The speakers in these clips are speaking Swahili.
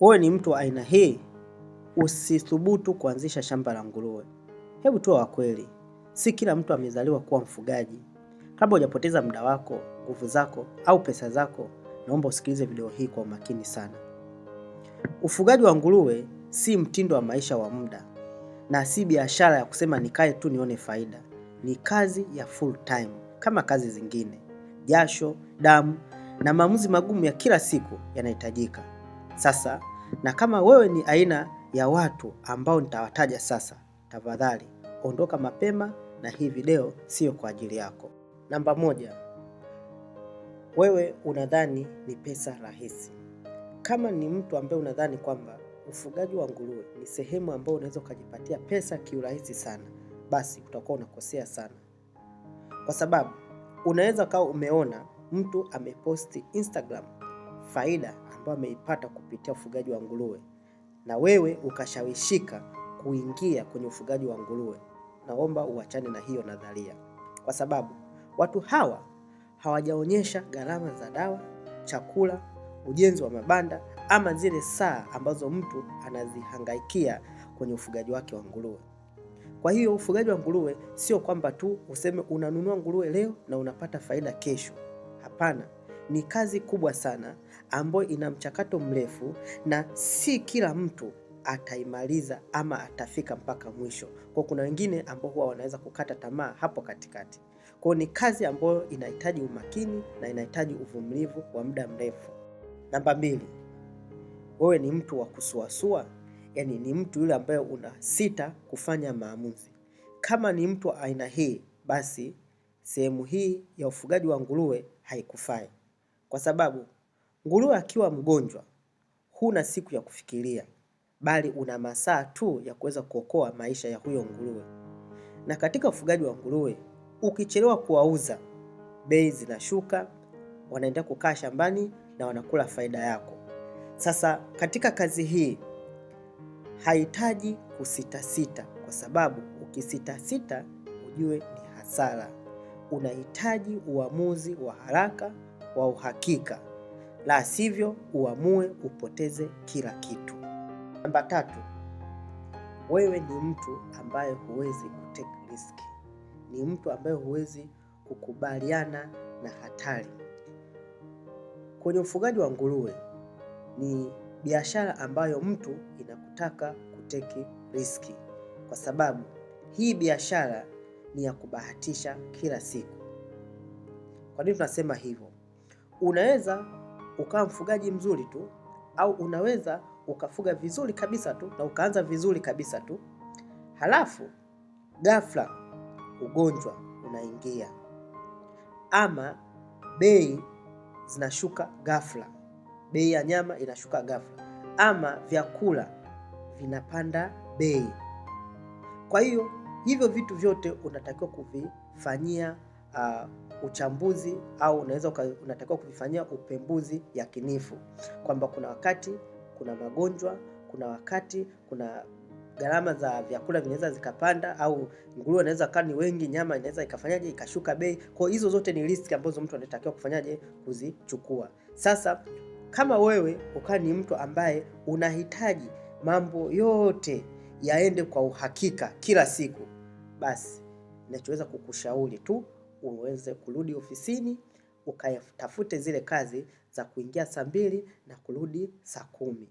wewe ni mtu wa aina hii, usithubutu kuanzisha shamba la nguruwe. Hebu tuwe wa kweli, si kila mtu amezaliwa kuwa mfugaji. Kabla hujapoteza muda wako, nguvu zako au pesa zako, naomba usikilize video hii kwa umakini sana. Ufugaji wa nguruwe si mtindo wa maisha wa muda na si biashara ya kusema nikae tu nione faida. Ni kazi ya full time kama kazi zingine. Jasho, damu na maamuzi magumu ya kila siku yanahitajika. Sasa na kama wewe ni aina ya watu ambao nitawataja sasa, tafadhali ondoka mapema na hii video sio kwa ajili yako. Namba moja, wewe unadhani ni pesa rahisi. Kama ni mtu ambaye unadhani kwamba ufugaji wa nguruwe ni sehemu ambayo unaweza ukajipatia pesa kiurahisi sana, basi utakuwa unakosea sana, kwa sababu unaweza ukawa umeona mtu ameposti Instagram faida ambayo ameipata kupitia ufugaji wa nguruwe, na wewe ukashawishika kuingia kwenye ufugaji wa nguruwe, naomba uachane na hiyo nadharia, kwa sababu watu hawa hawajaonyesha gharama za dawa, chakula, ujenzi wa mabanda ama zile saa ambazo mtu anazihangaikia kwenye ufugaji wake wa nguruwe. Kwa hiyo ufugaji wa nguruwe sio kwamba tu useme unanunua nguruwe leo na unapata faida kesho. Hapana, ni kazi kubwa sana ambayo ina mchakato mrefu na si kila mtu ataimaliza ama atafika mpaka mwisho. Kwa kuna wengine ambao huwa wanaweza kukata tamaa hapo katikati. Kwa ni kazi ambayo inahitaji umakini na inahitaji uvumilivu wa muda mrefu. Namba mbili, wewe ni mtu wa kusuasua, yani ni mtu yule ambaye una sita kufanya maamuzi. Kama ni mtu wa aina hii, basi sehemu hii ya ufugaji wa nguruwe haikufai kwa sababu Nguruwe akiwa mgonjwa, huna siku ya kufikiria, bali una masaa tu ya kuweza kuokoa maisha ya huyo nguruwe. Na katika ufugaji wa nguruwe, ukichelewa kuwauza, bei zinashuka, wanaenda kukaa shambani na wanakula faida yako. Sasa katika kazi hii hahitaji kusitasita, kwa sababu ukisitasita ujue ni hasara. Unahitaji uamuzi wa haraka wa uhakika la sivyo uamue upoteze kila kitu. Namba tatu, wewe ni mtu ambaye huwezi kutake risk, ni mtu ambaye huwezi kukubaliana na hatari. Kwenye ufugaji wa nguruwe ni biashara ambayo mtu inakutaka kuteki riski, kwa sababu hii biashara ni ya kubahatisha kila siku. Kwa nini tunasema hivyo? Unaweza ukawa mfugaji mzuri tu, au unaweza ukafuga vizuri kabisa tu na ukaanza vizuri kabisa tu, halafu ghafla ugonjwa unaingia ama bei zinashuka ghafla, bei ya nyama inashuka ghafla, ama vyakula vinapanda bei. Kwa hiyo hivyo vitu vyote unatakiwa kuvifanyia uh, uchambuzi au unaweza unatakiwa kuvifanyia upembuzi yakinifu, kwamba kuna wakati kuna magonjwa, kuna wakati kuna gharama za vyakula vinaweza zikapanda, au nguruwe anaweza kaa ni wengi, nyama inaweza ikafanyaje ikashuka bei. Kwa hizo zote ni riski ambazo mtu anatakiwa kufanyaje kuzichukua. Sasa kama wewe ukaa ni mtu ambaye unahitaji mambo yote yaende kwa uhakika kila siku, basi nachoweza kukushauri tu uweze kurudi ofisini ukayatafute zile kazi za kuingia saa mbili na kurudi saa kumi.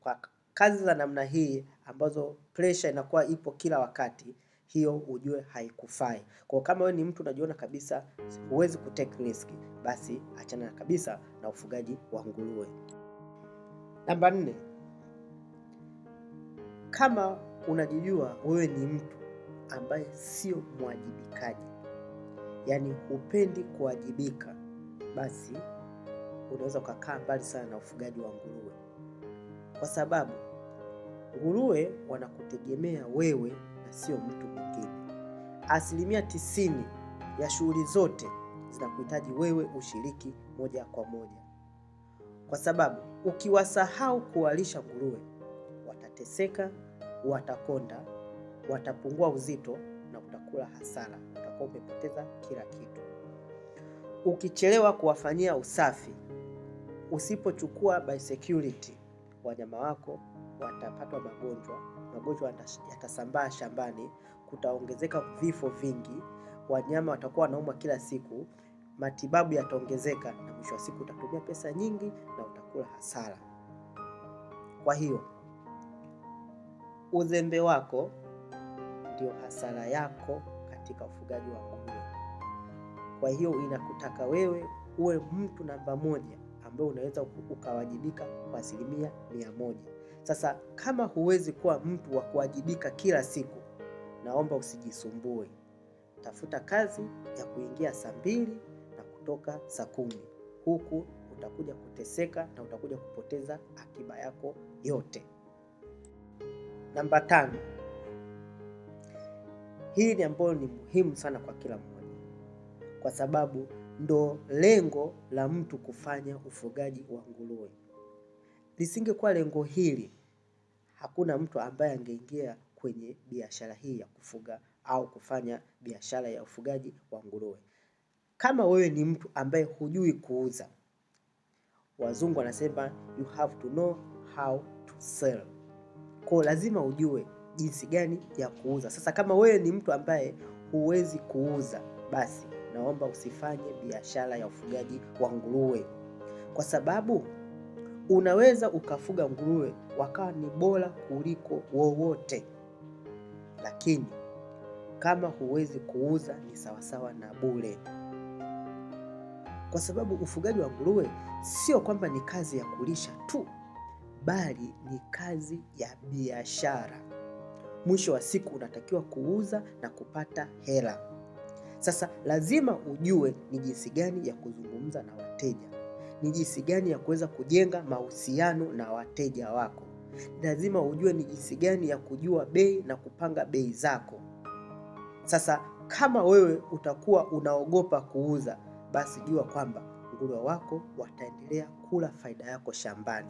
Kwa kazi za namna hii ambazo pressure inakuwa ipo kila wakati, hiyo ujue haikufai. Kwa kama wewe ni mtu unajiona kabisa huwezi take risk, basi achana kabisa na ufugaji wa nguruwe. Namba nne, kama unajijua wewe ni mtu ambaye sio mwajibikaji yani hupendi kuwajibika, basi unaweza ukakaa mbali sana na ufugaji wa nguruwe, kwa sababu nguruwe wanakutegemea wewe na sio mtu mwingine. Asilimia tisini ya shughuli zote zinakuhitaji wewe ushiriki moja kwa moja, kwa sababu ukiwasahau kuwalisha nguruwe watateseka, watakonda, watapungua uzito utakula hasara, utakuwa umepoteza kila kitu. Ukichelewa kuwafanyia usafi, usipochukua biosecurity, wanyama wako watapatwa magonjwa, magonjwa yatasambaa shambani, kutaongezeka vifo vingi, wanyama watakuwa wanaumwa kila siku, matibabu yataongezeka, na mwisho wa siku utatumia pesa nyingi na utakula hasara. Kwa hiyo uzembe wako ndio hasara yako katika ufugaji wa nguruwe. Kwa hiyo inakutaka wewe uwe mtu namba moja ambaye unaweza ukawajibika kwa asilimia mia moja. Sasa kama huwezi kuwa mtu wa kuwajibika kila siku, naomba usijisumbue. Tafuta kazi ya kuingia saa mbili na kutoka saa kumi. Huku utakuja kuteseka na utakuja kupoteza akiba yako yote. Namba tano. Hili ambalo ni muhimu sana kwa kila mmoja, kwa sababu ndo lengo la mtu kufanya ufugaji wa nguruwe. Lisingekuwa lengo hili, hakuna mtu ambaye angeingia kwenye biashara hii ya kufuga au kufanya biashara ya ufugaji wa nguruwe. Kama wewe ni mtu ambaye hujui kuuza, wazungu wanasema you have to know how to sell. Kwa lazima ujue jinsi gani ya kuuza. Sasa kama wewe ni mtu ambaye huwezi kuuza, basi naomba usifanye biashara ya ufugaji wa nguruwe, kwa sababu unaweza ukafuga nguruwe wakawa ni bora kuliko wowote, lakini kama huwezi kuuza ni sawasawa na bure, kwa sababu ufugaji wa nguruwe sio kwamba ni kazi ya kulisha tu, bali ni kazi ya biashara mwisho wa siku unatakiwa kuuza na kupata hela. Sasa lazima ujue ni jinsi gani ya kuzungumza na wateja, ni jinsi gani ya kuweza kujenga mahusiano na wateja wako. Lazima ujue ni jinsi gani ya kujua bei na kupanga bei zako. Sasa kama wewe utakuwa unaogopa kuuza, basi jua kwamba nguruwe wako wataendelea kula faida yako shambani.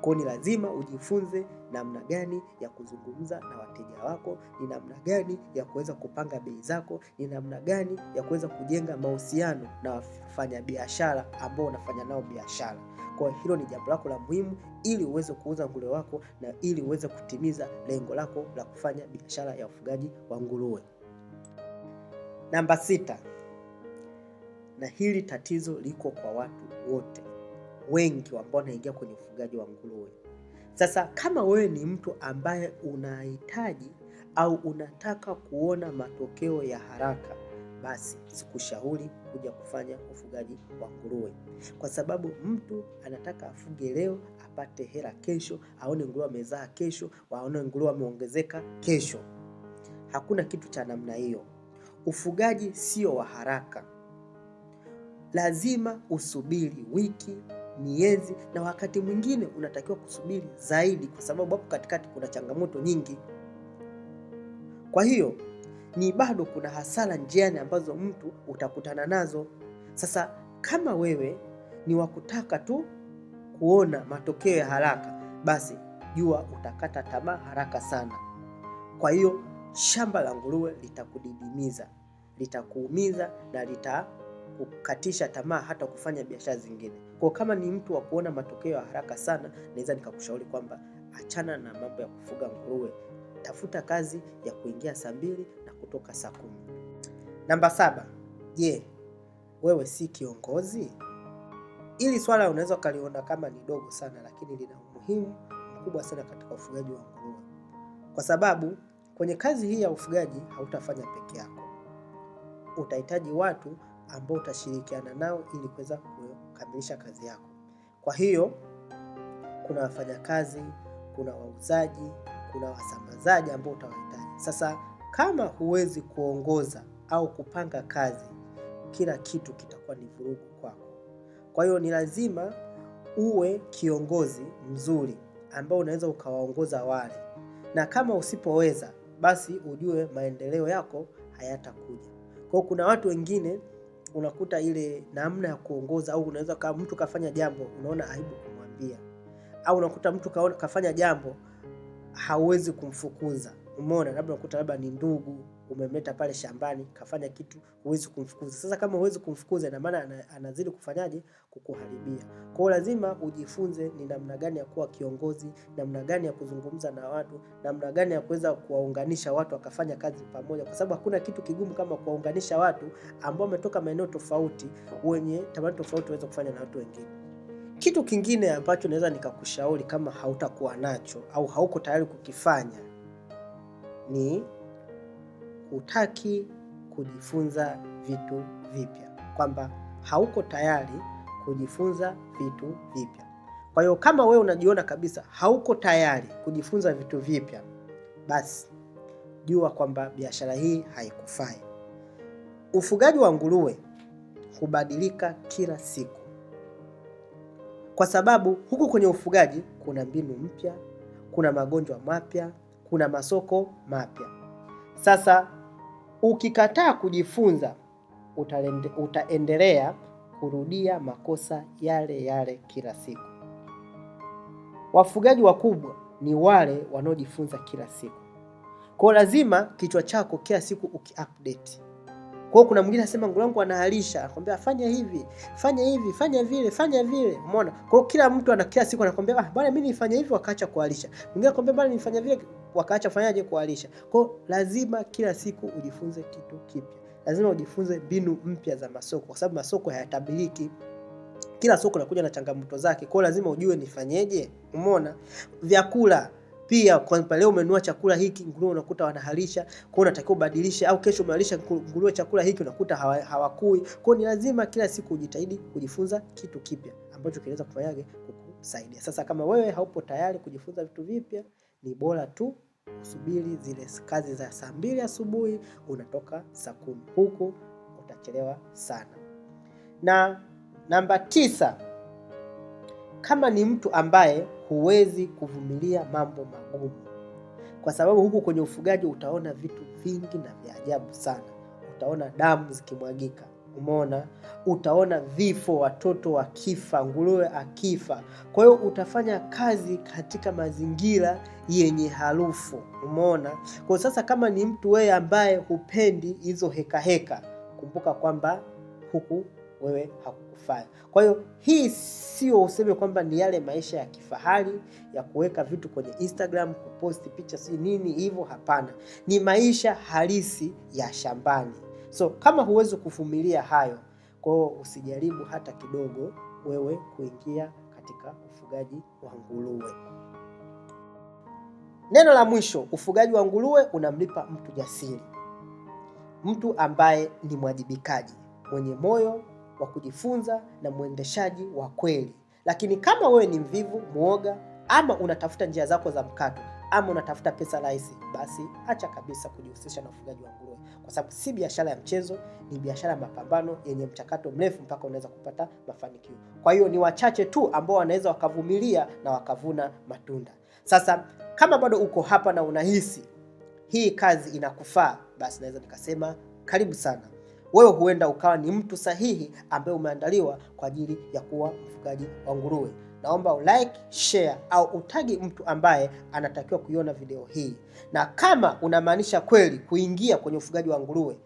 Kwa hiyo ni lazima ujifunze namna gani ya kuzungumza na wateja wako, ni namna gani ya kuweza kupanga bei zako, ni namna gani ya kuweza kujenga mahusiano na wafanyabiashara ambao unafanya nao biashara. Kwa hilo ni jambo lako la muhimu ili uweze kuuza nguruwe wako na ili uweze kutimiza lengo lako la kufanya biashara ya ufugaji wa nguruwe. Namba sita, na hili tatizo liko kwa watu wote wengi ambao wanaingia kwenye ufugaji wa nguruwe sasa kama wewe ni mtu ambaye unahitaji au unataka kuona matokeo ya haraka, basi sikushauri kuja kufanya ufugaji wa nguruwe, kwa sababu mtu anataka afuge leo apate hela kesho, aone nguruwe amezaa kesho, waone nguruwe ameongezeka kesho. Hakuna kitu cha namna hiyo. Ufugaji sio wa haraka, lazima usubiri wiki miezi, na wakati mwingine unatakiwa kusubiri zaidi, kwa sababu hapo katikati kuna changamoto nyingi. Kwa hiyo ni bado kuna hasara njiani ambazo mtu utakutana nazo. Sasa kama wewe ni wakutaka tu kuona matokeo ya haraka, basi jua utakata tamaa haraka sana. Kwa hiyo shamba la nguruwe litakudidimiza, litakuumiza na lita kukatisha tamaa hata kufanya biashara zingine. Kwa kama ni mtu wa kuona matokeo ya haraka sana, naweza nikakushauri kwamba achana na mambo ya kufuga nguruwe, tafuta kazi ya kuingia saa mbili na kutoka saa kumi. Namba saba, je, wewe si kiongozi? Hili swala unaweza ukaliona kama ni dogo sana, lakini lina umuhimu mkubwa sana katika ufugaji wa nguruwe, kwa sababu kwenye kazi hii ya ufugaji hautafanya peke yako, utahitaji watu ambao utashirikiana nao ili kuweza kukamilisha kazi yako. Kwa hiyo kuna wafanyakazi, kuna wauzaji, kuna wasambazaji ambao utawahitaji. Sasa kama huwezi kuongoza au kupanga kazi, kila kitu kitakuwa ni vurugu kwako. Kwa hiyo ni lazima uwe kiongozi mzuri ambao unaweza ukawaongoza wale, na kama usipoweza basi ujue maendeleo yako hayatakuja. Kwa hiyo kuna watu wengine unakuta ile namna ya kuongoza au unaweza kama mtu kafanya jambo unaona aibu kumwambia, au unakuta mtu kaona, kafanya jambo hauwezi kumfukuza. Umeona, labda unakuta labda ni ndugu umemleta pale shambani kafanya kitu, huwezi kumfukuza. Sasa kama huwezi kumfukuza, ina maana anazidi kufanyaje? Kukuharibia. Kwa hiyo lazima ujifunze ni namna gani ya kuwa kiongozi, namna gani ya kuzungumza na watu, namna gani ya kuweza kuwaunganisha watu wakafanya kazi pamoja, kwa sababu hakuna kitu kigumu kama kuwaunganisha watu ambao wametoka maeneo tofauti, wenye tabia tofauti, waweze kufanya na watu wengine. Kitu kingine ambacho naweza nikakushauri kama hautakuwa nacho au hauko tayari kukifanya ni hutaki kujifunza vitu vipya, kwamba hauko tayari kujifunza vitu vipya. Kwa hiyo kama wewe unajiona kabisa hauko tayari kujifunza vitu vipya, basi jua kwamba biashara hii haikufai. Ufugaji wa nguruwe hubadilika kila siku, kwa sababu huku kwenye ufugaji kuna mbinu mpya, kuna magonjwa mapya, kuna masoko mapya. Sasa Ukikataa kujifunza utalende, utaendelea kurudia makosa yale yale kila siku. Wafugaji wakubwa ni wale wanaojifunza kila siku. Kwa lazima kichwa chako kila siku ukiupdate. Kwa kuna mwingine anasema nguru wangu anahalisha, anakuambia fanya hivi, fanya hivi, fanya vile, fanya vile. Umeona? Kwa kila mtu ana kila siku anakuambia ah, bwana mimi nifanye hivi wakaacha kuhalisha. Mwingine anakuambia bwana nifanya vile wakaacha fanyaje kuwalisha. Kwa lazima kila siku ujifunze kitu kipya, lazima ujifunze mbinu mpya za masoko, kwa sababu masoko hayatabiliki. Kila soko nakuja na changamoto zake, kwao lazima ujue nifanyeje. umona vyakula pia kwa leo umenunua chakula hiki nguruwe unakuta wanahalisha, kwa unatakiwa ubadilishe, au kesho umehalisha nguruwe chakula hiki unakuta hawakui. kwao ni lazima kila siku ujitahidi kujifunza kitu kipya ambacho kinaweza kufanyaje kukusaidia. Sasa kama wewe haupo tayari kujifunza vitu vipya ni bora tu usubiri zile kazi za saa mbili asubuhi, unatoka saa kumi, huku utachelewa sana. Na namba tisa, kama ni mtu ambaye huwezi kuvumilia mambo magumu, kwa sababu huku kwenye ufugaji utaona vitu vingi na vya ajabu sana, utaona damu zikimwagika Umeona, utaona vifo, watoto wakifa, nguruwe akifa. Kwa hiyo utafanya kazi katika mazingira yenye harufu. Umeona, kwa sasa kama ni mtu wewe ambaye hupendi hizo heka heka, kumbuka kwamba huku wewe hakukufanya. Kwa hiyo hii sio useme kwamba ni yale maisha ya kifahari ya kuweka vitu kwenye Instagram, kuposti picha si nini hivyo, hapana. Ni maisha halisi ya shambani. So kama huwezi kuvumilia hayo, kwa hiyo usijaribu hata kidogo wewe kuingia katika ufugaji wa nguruwe. Neno la mwisho, ufugaji wa nguruwe unamlipa mtu jasiri, mtu ambaye ni mwajibikaji, mwenye moyo wa kujifunza na mwendeshaji wa kweli. Lakini kama wewe ni mvivu, mwoga ama unatafuta njia zako za mkato, ama unatafuta pesa rahisi, basi acha kabisa kujihusisha na ufugaji wa nguruwe, kwa sababu si biashara ya mchezo, ni biashara ya mapambano yenye mchakato mrefu mpaka unaweza kupata mafanikio. Kwa hiyo ni wachache tu ambao wanaweza wakavumilia na wakavuna matunda. Sasa kama bado uko hapa na unahisi hii kazi inakufaa, basi naweza nikasema karibu sana. Wewe huenda ukawa ni mtu sahihi ambaye umeandaliwa kwa ajili ya kuwa mfugaji wa nguruwe naomba ulike, share au utagi mtu ambaye anatakiwa kuiona video hii, na kama unamaanisha kweli kuingia kwenye ufugaji wa nguruwe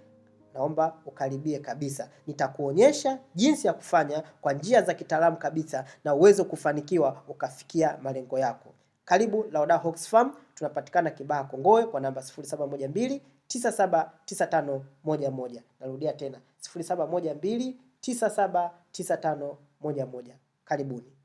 naomba ukaribie kabisa. Nitakuonyesha jinsi ya kufanya kwa njia za kitaalamu kabisa, na uweze kufanikiwa ukafikia malengo yako. Karibu Laoda Hox Farm, tunapatikana Kibaha Kongowe kwa namba 0712 979511. Narudia tena 0712 979511. Karibuni.